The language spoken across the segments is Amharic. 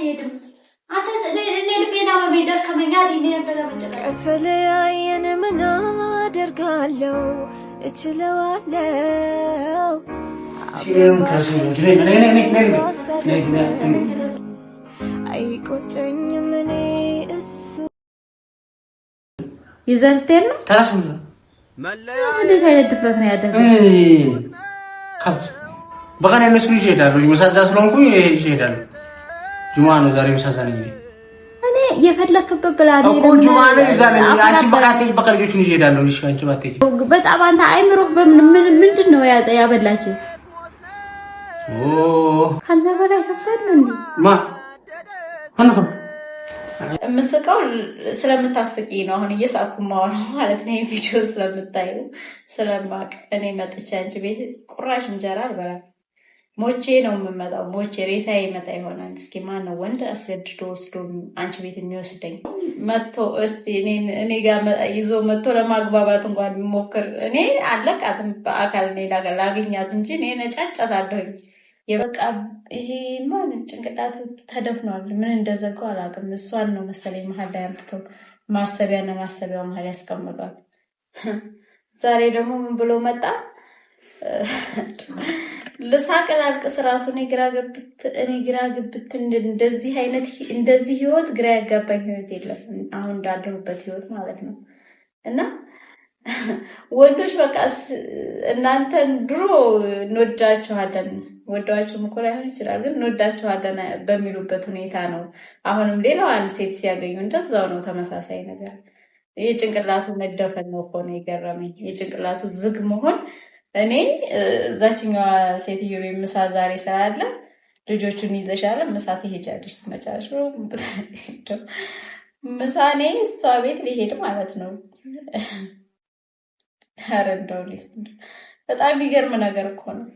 አትሄድም። ከተለያየን ምን አደርጋለሁ? እችለዋለሁ አይቆጨኝም። እኔ እሱ ይዘንቴን ነው እንዴት አይነት ድፍረት ነው ያደረገው? በቃ እነሱ ይሄዳሉ። መሳዛ ስለሆንኩ ይሄዳሉ ጁማ ነው ዛሬ ምሳ ዘነኝ እኔ የፈለክበት ብላ ነው እኮ ጁማ ነው አንቺ ነው እሺ አንቺ በጣም አንተ አይምሮህ ምንድን ነው ያበላችሁ? ኦ ካንተ በላይ ከፈል ነው ማ አንተ ስለምታስቂ ነው። አሁን እየሳኩ ማወራው ማለት ነው። ቪዲዮ ስለምታዩ ስለማቅ እኔ መጥቼ አንቺ ቤት ቁራሽ እንጀራ አልበላም። ሞቼ ነው የምመጣው። ሞቼ ሬሳ ይመጣ ይሆናል። እስኪ ማን ነው ወንድ አስገድዶ ወስዶ አንቺ ቤት የሚወስደኝ? መጥቶ እስቲ እኔ ጋር ይዞ መጥቶ ለማግባባት እንኳን የሚሞክር እኔ አለቃትም በአካል እኔ ላገኛት እንጂ እኔ ነጫጫታለሁኝ። የበቃ ይሄ ማን ጭንቅላት ተደፍኗል። ምን እንደዘጋው አላውቅም። እሷን ነው መሰለኝ መሀል ላይ አምጥተው ማሰቢያና ማሰቢያው መሀል ያስቀምጧል። ዛሬ ደግሞ ምን ብሎ መጣ? ልሳቅን አልቅስ ራሱ እኔ ግራ ግብት እንደዚህ አይነት እንደዚህ ህይወት ግራ ያጋባኝ ህይወት የለም። አሁን እንዳለሁበት ህይወት ማለት ነው። እና ወንዶች በቃ እናንተን ድሮ እንወዳችኋለን ወደዋቸው ምኮ ላይሆን ይችላል፣ ግን እንወዳችኋለን በሚሉበት ሁኔታ ነው። አሁንም ሌላው አንድ ሴት ሲያገኙ እንደዛው ነው፣ ተመሳሳይ ነገር። የጭንቅላቱ መደፈን ነው እኮ ነው የገረመኝ። የጭንቅላቱ ዝግ መሆን እኔ እዛችኛዋ ሴትዮ ምሳ ዛሬ ስራ አለ፣ ልጆቹን ይዘሻለ ምሳ ትሄጃለሽ። መጨረሻ ምሳ እኔ እሷ ቤት ሊሄድ ማለት ነው። ኧረ እንደው በጣም የሚገርም ነገር እኮ ነው።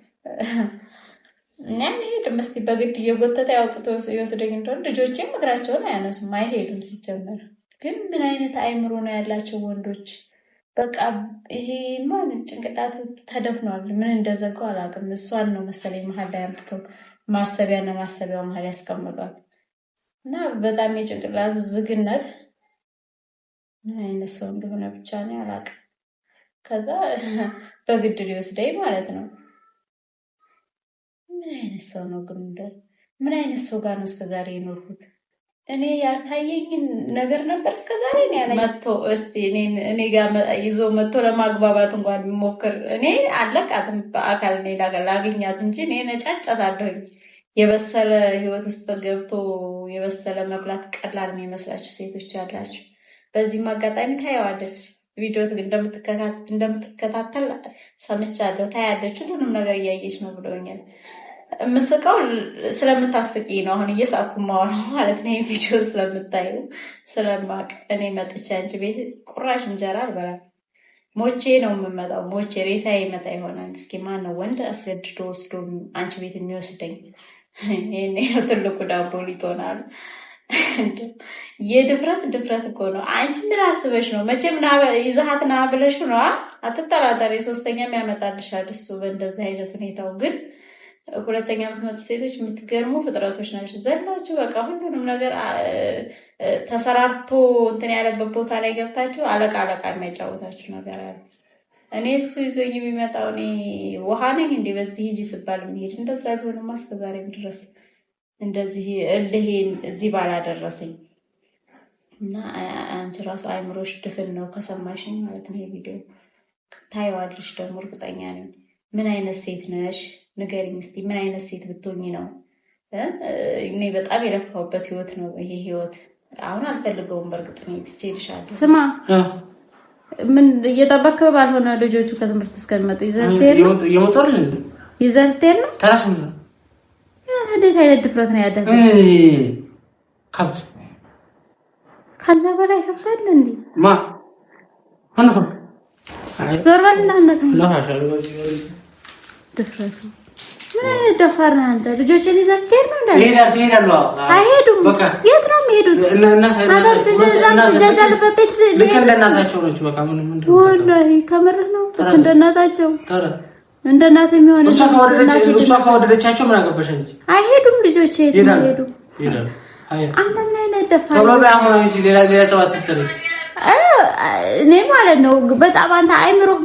እኛም ሄድም እስኪ በግድ እየጎተተ ያውጥቶ የወስደኝ እንደሆነ ልጆቼም እግራቸውን አያነሱም፣ አይሄዱም። ሲጀመር ግን ምን አይነት አይምሮ ነው ያላቸው ወንዶች በቃ ይሄ ማን ጭንቅላቱ ተደፍኗል። ምን እንደዘጋው አላውቅም። እሷን ነው መሰለኝ መሀል ላይ አምጥተው ማሰቢያና ማሰቢያው መሀል ያስቀምጧት እና በጣም የጭንቅላቱ ዝግነት ምን አይነት ሰው እንደሆነ ብቻ ነው አላውቅም። ከዛ በግድ ሊወስደኝ ማለት ነው። ምን አይነት ሰው ነው ግን? ምን አይነት ሰው ጋር ነው እስከዛሬ የኖርኩት? እኔ ያልታየኝን ነገር ነበር እስከዛሬ መጥቶ እስቲ እኔ ጋር ይዞ መጥቶ ለማግባባት እንኳን የሚሞክር እኔ አለቃትም በአካል እኔ ላገኛት እንጂ እኔ ነጫጫታለሁኝ። የበሰለ ህይወት ውስጥ ገብቶ የበሰለ መብላት ቀላል ነው ሴቶች ያላችሁ። በዚህም አጋጣሚ ታየዋለች፣ ቪዲዮ እንደምትከታተል ሰምቻለሁ። ታያለች፣ ሁሉንም ነገር እያየች ነው ብለውኛል። ምስቀው ስለምታስቂ ነው። አሁን እየሳኩ ማወራው ማለት ነው። ይህ ቪዲዮ ስለምታዩ ስለማቅ እኔ መጥቼ አንቺ ቤት ቁራሽ እንጀራ አልበላም። ሞቼ ነው የምመጣው። ሞቼ ሬሳ ይመጣ ይሆናል። እስኪ ማን ነው ወንድ አስገድዶ ወስዶ አንቺ ቤት የሚወስደኝ? ይሄኔ ነው ትልቁ ዳቦ ሊጦናል። የድፍረት ድፍረት እኮ ነው። አንቺ ምን አስበሽ ነው? መቼም ይዛሀት ና ብለሽ ነው። አትጠራጠሪ፣ ሶስተኛም ያመጣልሻል እሱ በእንደዚህ አይነት ሁኔታው ግን ሁለተኛ ምክመት ሴቶች የምትገርሙ ፍጥረቶች ናቸው። ዘላችሁ በቃ ሁሉንም ነገር ተሰራርቶ እንትን ያለበት ቦታ ላይ ገብታችሁ አለቃ አለቃ የሚያጫወታችሁ ነገር አለ። እኔ እሱ ይዞኝ የሚመጣው እኔ ውሃ ነኝ እንዴ በዚህ ሂጂ ስባል የሚሄድ እንደዛ ቢሆንማ እስከዛሬም ድረስ እንደዚህ እልሄን እዚህ ባላደረሰኝ እና አንቺ ራሱ አይምሮሽ ድፍን ነው ከሰማሽኝ ማለት ነው። ቪዲዮ ታይዋለሽ ደግሞ እርግጠኛ ነኝ ምን አይነት ሴት ነሽ ንገሪኝ እስኪ ምን አይነት ሴት ብትሆኝ ነው? እኔ በጣም የለፋሁበት ህይወት ነው ይሄ ህይወት። አሁን አልፈልገውም። በእርግጥ ትቼ ልሻለሁ። ስማ ምን እየጠበክ ባልሆነ ልጆቹ ከትምህርት እስከሚመጡ ይዘህ ነው እንዴት አይነት ድፍረት ነው ያዳት? ካለ በላይ ከብታል እንዴ? ማ ዞር በል ድፍረቱ ምን ደፋር ነህ አንተ? ልጆችን ይዘህ ነው? አይሄዱም። የት ነው የሚሄዱት? ቤት ልክ እንደ እናታቸው ነች። በቃ ወላሂ ከምርህ ነው። እንደ እናታቸው እንደ እናት የሚሆን እሷ ከወደደቻቸው ምን አገባሽ እንጂ አይሄዱም። ልጆች የት ነው አንተ ምን አይነት ደፋር እኔ ማለት ነው። በጣም አንተ አይምሮህ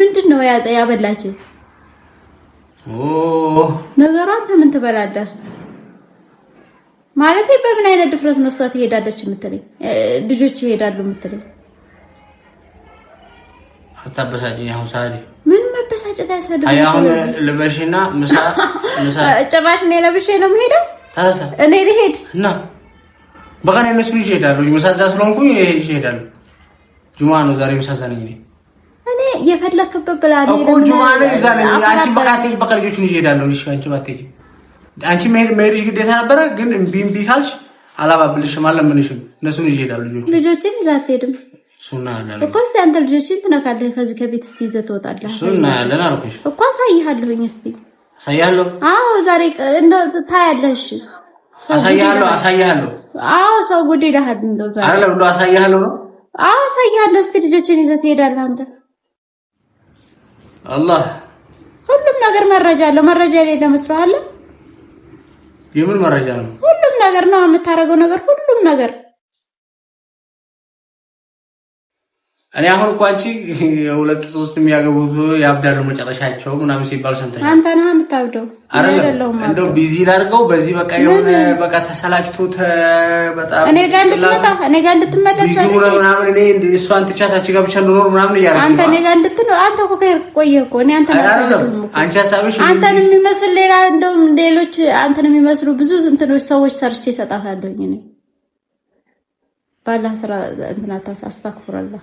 ምንድን ነው ያበላችህ? ነገሩ አንተ ምን ትበላለህ ማለት በምን አይነት ድፍረት ነው እሷ ትሄዳለች የምትለኝ? ልጆች ይሄዳሉ የምትለኝ? አታበሳጭኝ። አሁን ሳሪ ምን መበሳጨት ያስፈልጋል? አይ አሁን ልበሽና ምሳ ምሳ ጭራሽ እኔ ለብሼ ነው የምሄደው። ታሳ እኔ ልሄድ እና በቃ እነሱ ይሄዳሉ። ምሳ እዛ ስለሆንኩኝ ይሄዳሉ። ጁማ ነው ዛሬ ምሳ እዛ ነኝ እኔ የፈለክበት ብላ እኮ ጁማ ነው አንቺ በካቴጅ በቀልጆች ይዤ ሄዳለሁ እሺ አንቺ አንቺ መሄድሽ ግዴታ ነበረ፣ ግን እምቢ እምቢ ካልሽ አላባብልሽም፣ አልለምንሽም። እነሱን ይዤ እሄዳለሁ። ልጆች ልጆችን ይዛ አትሄድም እኮ እስኪ አንተ ልጆችን ትነካለህ። ከዚህ ከቤት እስኪ ይዘህ ትወጣለህ እኮ አሳይሃለሁኝ። እስኪ አሳይሃለሁ። አዎ ዛሬ እንደው ታያለህ። እሺ አሳይሃለሁ፣ አሳይሃለሁ። አዎ ሰው ጉድ ይልሃል። እንደው ዛሬ አይደለም ብሎ አሳይሃለሁ ነው። አዎ አሳይሃለሁ። እስኪ ልጆችን ይዘህ ትሄዳለህ አንተ አላህ ሁሉም ነገር መረጃ አለው። መረጃ የሌለ መስሎሃል? የምን መረጃ ነው? ሁሉም ነገር ነው የምታደርገው ነገር ሁሉም ነገር እኔ አሁን እኮ አንቺ ሁለት ሶስት የሚያገቡት ያብዳሉ መጨረሻቸው ምናምን ሲባል ሰምተሻል። አንተ ነህ የምታብደው እንደው ቢዚ ላድርገው በዚህ በቃ የሆነ በቃ ተሰላችቶ በጣም እኔ ጋር እንድትመጣ እኔ ጋር እንድትመለስ ምናምን እኔ እሷን ትቻት አንቺ ጋር ብቻ እንድኖር ምናምን እያደረግሽ አንተ እኔ ጋር እንድትኖር አንተ እኮ ከሄድክ ቆየህ እኮ እኔ አንተ አንቺ ሀሳብሽ አንተን የሚመስል ሌላ እንደውም ሌሎች አንተን የሚመስሉ ብዙ እንትኖች ሰዎች ሰርቼ እሰጣታለሁኝ እኔ ባላ ስራ እንትን አታስ አስታክፍራለሁ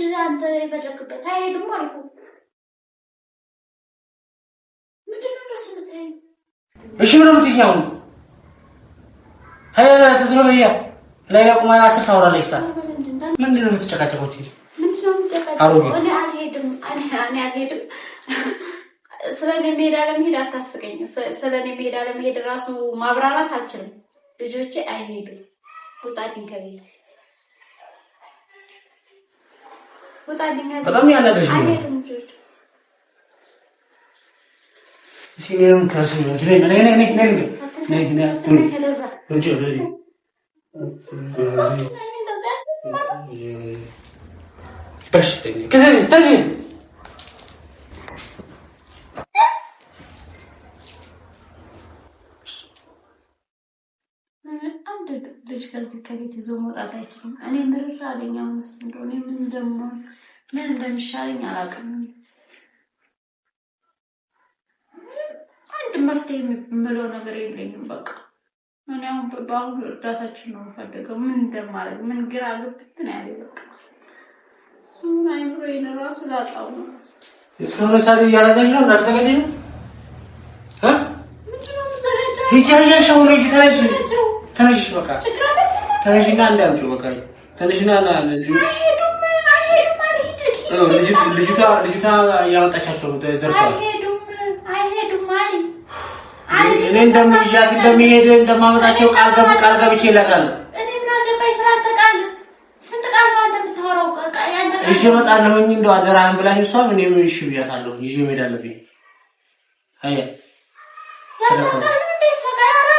ሂድ አንተ የፈለክበት? አይሄድም አልኩ። ምንድን ነው ደስ የምታይ? እሺ ብሎ ምትኛው ሀያ ተዝኖ በያ ላይ ቁማ አስር ታወራለች። ሳ ምንድን ነው የምትጨቃጨቆች? እኔ አልሄድም፣ እኔ አልሄድም። ስለ እኔ መሄድ አለመሄድ አታስቀኝ። ስለ እኔ መሄድ አለመሄድ ራሱ ማብራራት አልችልም። ልጆቼ አይሄዱም። በጣም ያናደሽ ነው። እሺ አንድ ልጅ ከዚህ ከቤት ይዞ መውጣት አይችልም። እኔ ምርር አለኝ አምስት እንደሆነ ምን ደግሞ ምን እንደሚሻለኝ አላውቅም። አንድ መፍትሄ የምለው ነገር የለኝም። በቃ እኔ አሁን በአሁኑ እርዳታችን ነው የምፈልገው። ምን እንደማደርግ ምን ግራ ገብቶኝ ነው ያለኝ። በቃ ምን አይምሮ ይኖራ ስላጣው ነው እስካሁን ሳሪ እያረዘሽ ነው እንዳልተገኘ ነው ምንድነው ምዘጋጃ ይያያሻው ነው ተነሽሽ በቃ ተነሽና እንዳምጪው በቃ ተነሽና ና ልጅቷ ልጅቷ ያወጣቻቸው ደርሰዋል። እኔ እንደምይዣት እንደሚሄድ እንደማመጣቸው ቃል ገብ ቃል ገብቼ ይላታል። ይዤ እመጣለሁኝ እንደው አደራህን ብላኝ እሷም እኔም እሺ ብያታለሁ። ይዤ እምሄዳለሁ። አይ